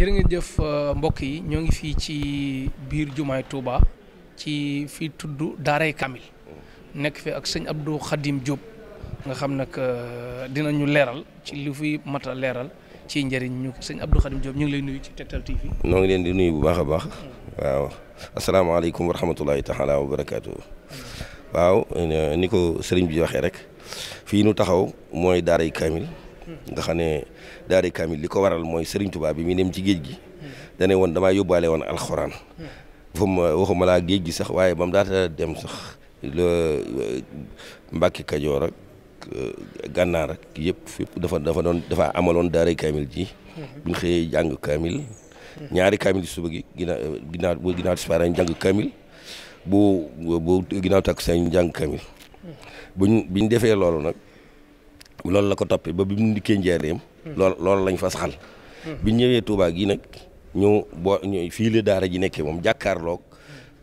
jërë ngeen jëf euh, mbokk yi ñoo ngi fii ci biir jumaay Touba ci fii tudd Daaray Kamil nekk fi ak sëñ Abdou Khadim jóob nga xam nag euh, dinañu leeral ci lu fi mata leeral ci njariñ ñu sëñ Abdou Khadim Diop ñu ngi lay nuyu ci Tektal TV. noo ngi leen di nuyu bu baax a baax. waaw asalaamaaleykum wa rahmatulahi taala wa barakaatu. waaw euh, ni ko sëriñ bi waxee rek fii nu taxaw mooy Daaray Kamil. nga ne daari kaamil li ko waral mooy Serigne Touba bi muy dem ci géej gi dane woon damaa yóbbaale woon alxuraan waxumalaa géej gi sax waaye ba mu daata dem sax uh, Mbàkke Kajoor ak uh, gànnaar ak yëpp dafa dafa doon dafa amaloon daari kaamil ji buñ xëyee jàng kaamil ñaari kaamil suba gi ginnaaw ginnaaw bu ginnaaw tisbaar ñu jàng kaamil bu ñu defee loolu nag loolu la ko toppee ba bi mu dikkee njaareem lool loolu lañ fa saxal. Hmm. biñ ñëwee Touba gii nag ñu boo ñu fii daara ji nekkee moom jàkkaarloog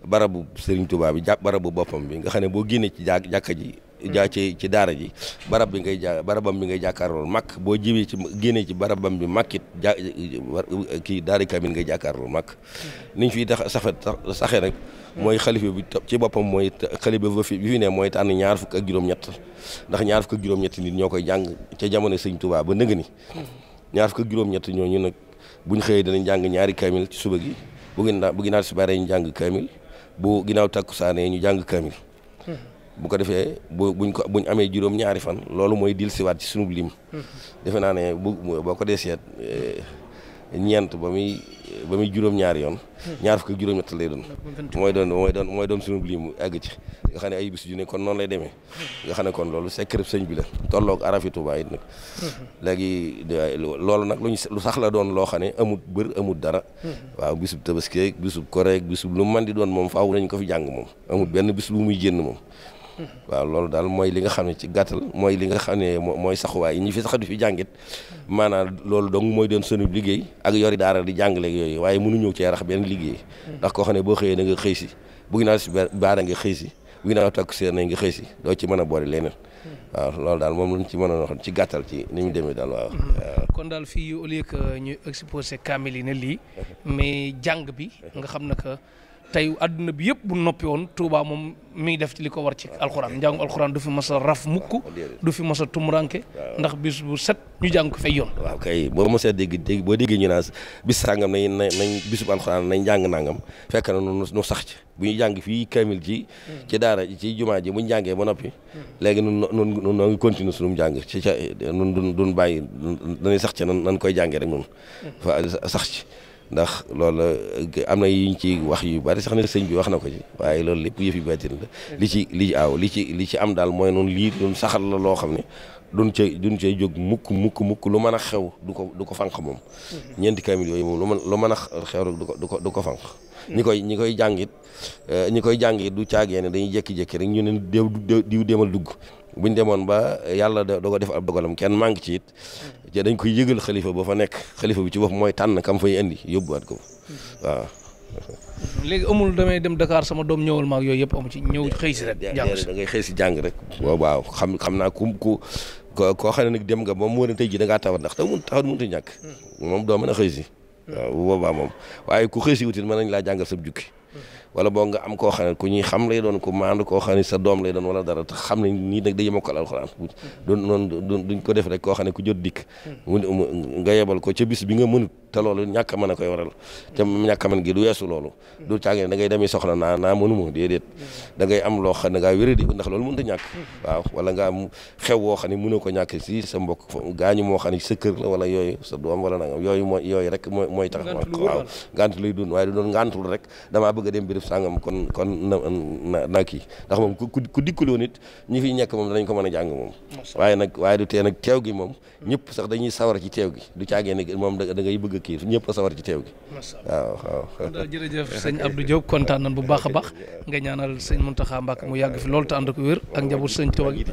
barabu Serigne Touba bi jàpp barabu boppam bi nga xam ne boo génnee ci jàkk ji. Hmm. jaa ci ci daara ji barab bi ngay ja barabam bi ngay jàkkaarlool màkk boo jiwee ci génnee ci barabam bi màkkit ja kii daari kamil ngay jàkkaarlool màkk hmm. niñ fiy tax saxe saxe nag mooy xalifa bi ci boppam mooy xalifa bi fi ne mooy tànn ñaar fukk ak juróom-ñett ndax ñaar fukk ak juróom-ñett nit ñoo koy jàng ca jamono sañ Touba ba nëgë ni ñaar fukk ak juróom-ñett ñu nag buñ xëyee danañ jàng ñaari kaamil suba gi bu ginnaaw bu ginnaaw subaaree ñu jàng kaamil bu ginnaaw takkusaanee ñu jàng kaamil bu ko defee bu buñ ko buñ amee juróom ñaari fan loolu mooy dil siwaat ci sunub lim defe naa ne bu boo ko dee seet eh, ñeent ba muy ba muy juróom-ñaari yoon ñaar fukk ak juróom-ñett lay doon mooy doon mooy doon mooy doon sunu ci nga xam ne ay bis ju ne kon noonu lay demee nga xam ne kon loolu secret sëñ bi la tolloog arafi Tuubaa it nag léegi loolu nag luñ lu sax la doon loo xam ne amut bër amut dara waaw bisub tabaski ak bisub koreek bisub lu man di doon moom faaw dañ ko fi jàng moom amut benn bis bu muy génn moom waaw loolu daal mooy li nga xam ne ci gàttal mooy li nga xam ne mooy saxuwaay yi ñu fi sax du fi jàngit maanaam loolu dong mooy doon sunu liggéey ak yori daara di jàngale yooyu waaye mënuñu cee rax benn liggéey ndax koo xam ne boo xëyee na nga xëy si bu ginnaaw si baara nga xëy si bu ginnaaw takk seer nañ nga xëy si doo ci a boole leneen waaw loolu daal moom lañ ci mën a wax ci gàttal ci ni ñu daal mm-hmm. waaw. kon daal fii au lieu que exposé kaamil yi lii mais jàng bi nga xam na que tey àdduna bi yëpp bu noppi woon Touba moom mi ngi def ci li ko war ci alxuraan njàngu alxuraan du fi mas a raf mukk du fi mas tumuraanke ndax bis bu set ñu jàng ko fay yoon waaw kay boo mos a dégg dégg boo déggee ñu naan bis sàngam nañ nañ nañ bisub alxuraan nañ jàng nangam fekk na nu sax ci bu ñu jàng fii kamil ci ci daara ci jumaa ji bu ñu jàngee ba noppi léegi nun nun noo ngi continue suñu jàng mu ca nun dun duñ bàyyi dañuy sax ci nan nan koy jàngee rek nun sax ci ndax loolu am na yuñ ci wax yu bari sax ne sëñ bi wax na ko ci waaye loolu lépp yëf yu baatin la mm. li ci li ci li ci li ci am daal mooy noonu lii doon saxal la loo xam ne duñ cay duñ cay jóg mukk mukk mukk lu mën a xew du ko du ko fànq moom mm-hmm. ñeenti kaamil yooyu moom lu mën lu mën a xew rek du ko du ko du ko fànq ñi koy ñi koy jàngit eh, ñi koy jàngit du caagee ne dañuy jékki rek ñu ne diw diw demal dugg bu ñu demoon ba yàlla da ko def ab dogalam kenn manque ci it te mm. dañ koy yëgal xalifa ba fa nekk xalifa bu ci bopp mooy tànn kam fay indi yóbbuwaat ko mm-hmm. waaw léegi amul damay dem Dakar sama doom ñëwal maak yooyu yëpp amu ci ñëw xëy si rek jàng si xëy si jàng rek waaw xam xam naa ku ku koo xam ne nag dem nga moom mu war tey ji da ngaa tawat ndax da mun tawat ñàkk mm. moom doo mën a xëy si mm. waaw moom waaye ku xëy si wutit mën nañ laa jàngal sab jukki wala boog nga am koo xam ne ku ñuy xam lay doon ku maandu koo xam ne sa doom lay doon wala dara xam ne nii nag day mokkal alxuraan doon noonu duñ ko def rek koo xam ne ku jot dikk mu nga yebal ko ca bis bi nga mënut te loolu ñàkk a a koy waral te ñàkk a gi du weesu loolu du càngee da ngay demee soxla naa naa mënuma déedéet da ngay am loo xam ne ngaa wéré di ndax loolu mënut a ñàkk waaw wala nga am xew woo xam ne ko ñàkk si sa mbokk gaañu moo xam ne sa kër la wala yooyu sa doom wala nangam yooyu mooy yooyu rek mooy tax waaw ngàntu lay dund waaye du bëgg a dem béréb sàngam kon kon na na kii ndax moom ku ku dikkuloo nit ñi fi nekk moom danañ ko mën a jàng moom waaye nag waaye du tee nag teew gi moom ñëpp sax dañuy sawar ci teew gi du caagee ne moom da ngay bëgg a kii ñëpp a sawar ci teew gi waaw waaw daal jërëjëf sëñ Abdou Diop kontaan nañ bu baax a baax nga ñaanal sëñ Mountakha Mbacké mu yàgg fi loolu te ànd ko wér ak njaboot sëñ Tuubaa gi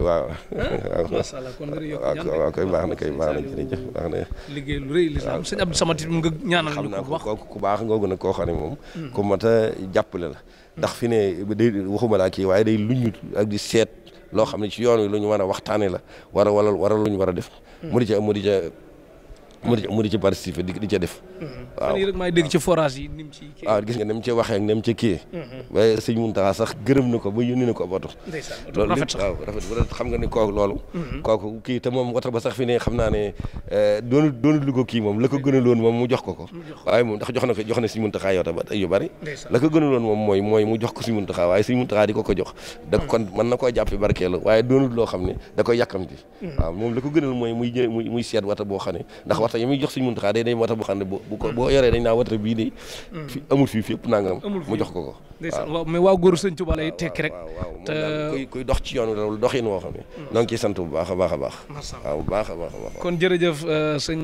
waaw waaw baax na koy baax na jërëjëf baax na liggéey lu rëy li sëñ Abdou Samati nga ñaanal ñu ko wax ku baax ko nag koo xam ne moom ku mat a jàppale la ndax fi ne day waxuma laa kii waaye day luñu ak di seet loo xam ne ci yoon wi lu ñu war a waxtaane la war a wala wara lu a def mu di ca mu di ca mu di mu di ci participer di ca def. waaw fan rek maay dégg ci forage yi ni mu ah, gis nga ni ci waxee ak ci kii. waaye mhm. sëñ Mountakha sax gërëm na ko ba yónni na ko ab oto. ndeysaan loolu lépp waaw rafet bu xam nga ni kooku loolu. Mhm. kooku kii te moom oto ba sax fi ne eh, kii moom la ko gënaloon moom mu jox ko ko. waaye moom ndax jox ba yu bari. la ko gënaloon moom mooy mooy mu jox ko sëñ Mountakha waaye sëñ Mountakha di ko ko jox. da mhm. kon mën na koo jàppe barkeelu waaye doonul loo xam ne da koy yàkkamti. waaw moom la ko gënal mooy muy seet wata boo xam ne ndax wata yi muy jox suñu muntaxaa day day wata mm. ko ko waaw mais waaw góor sëñ Tuubaa lay tekki yoon loolu doxin woo xam ne mm. noo ngi ciy sant bu baax a a baax waaw bu a baax a baax kon jërëjëf euh, sëñ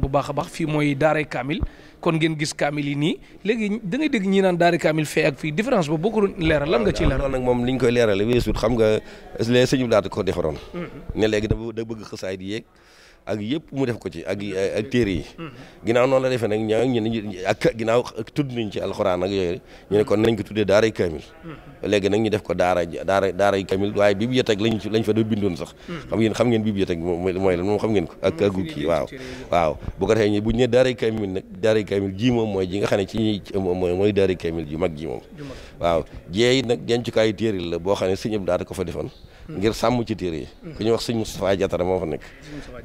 bu baax a baax fii mooy Daaray Kaamil kon ngeen gis kaamil yi nii léegi da ngay dégg ñi naan Daaray Kaamil fee ak fii différence ba boo ko leeral lan nga ci leeral loolu nag moom li ñu koy leerale weesut xam nga les sëñ bi daata ko defaroon mm-hmm. ne léegi da bëgg xasaay di yéeg ak yëpp mu def ko ci ak ak téere yi ginnaaw noonu la defee nag ñaa ñu ne ak ginnaaw tudd nañ ci alxuraan ak yooyu ñu ne kon nañ ko tuddee daaray kaamil ñu def ko daara daara daaray kaamil waaye bibliothèque lañ lañ fa doon bindoon sax xam ngeen xam ngeen bibliothèque mooy lan moom xam ngeen ko ak ak kii waaw waaw bu ko defee ñu buñ ne daaray kaamil nag daaray kaamil ji moom mooy ji nga xam ne ci ñuy mooy daaray kaamil ji mag ji moom waaw jee it nag dencukaayu téere la boo xam ne sëñ bi daata ko fa defoon ngir sàmm ci téere yi ñu mm-hmm. ñuy wax sëñ Moustapha Diatara moo fa nekk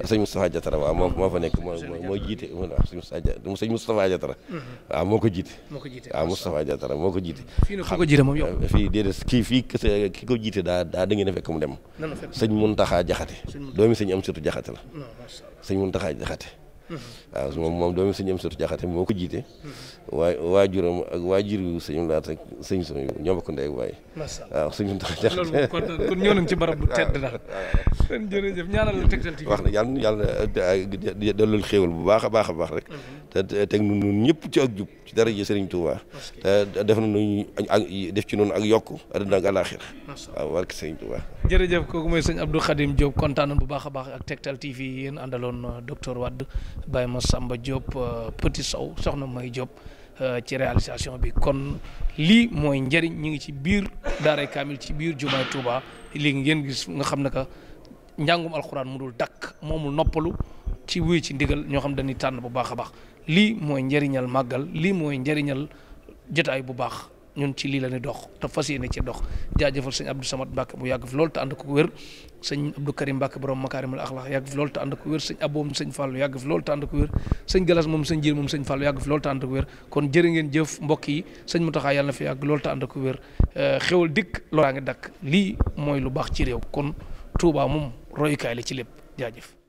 sëñ Moustapha Diatara waa moo moo fa nekk moo moo jiite waaw sëñ Moustapha Diatara mm-hmm. waaw moo ko jiite waaw Moustapha Diatara moo ko jiite mm-hmm. fii déedéet kii fii ki ko jiite daa daa da ngeen a fekk mu dem sëñ Muntaxa Jaxate doomi sëñ am surtout Jaxate la sëñ Muntaxa Jaxate waaw moom moom doomu sëñ am sëtu jaxate moo ko jiite waay waajuram ak waajur yu sëñ laat ak sëñ son yu ñoo bokk ndey ak waay waaw sëñ am tax jaxate kon ñëw nañ ci barab bu tedd daal jërëjëf ñaanal la tegtal ci wax na yàlla yàlla dellul xéewal bu baax a baax a baax rek te teg nun ñëpp ci ak jub ci dara ji Serigne Touba eh, def na nuñu def ci noonu ak yokk àdduna ak àlaaxira waaw barke Serigne Touba jërëjëf kooku mooy sëñ Abdou Khadim Diop kontaan bu baax a baax ak Tektal TV yéen àndaloon euh, docteur Wade Baye Massamba Diop euh, Petit Sow soxna May Diop euh, ci réalisation bi kon lii mooy njëriñ ñu ngi ci biir Daaray Kaamil ci biir Jumaay Touba lii ngeen gis nga xam ne que njàngum alxuraan mu dul dakk moomul noppalu ci wuy ci ndigal ñoo xam dañuy tànn bu baax a baax lii mooy njëriñal màggal lii mooy njëriñal jotaay bu baax ñun ci lii la ñu dox te fas yéene ci dox jaajafal sëñ Abdou Samad Mbacke bu yàgg fi loolu te ànd ko wér sëñ Abdou Karim Mbacke borom makaarimul axlaax yàgg fi loolu te ànd ko wér sëñ Abou moom sëñ Fallou moom sëñ Jiir moom sëñ Fallou yàgg fi loolu te ànd ko wér kon jërë ngeen jëf mbokk yi sëñ Mountakha yàlla na fi yàgg loolu te ànd ko wér eh, xewal dikk loraa ngi dakk lii mooy lu baax ci réew kon Touba moom royukaay la ci lépp jaajëf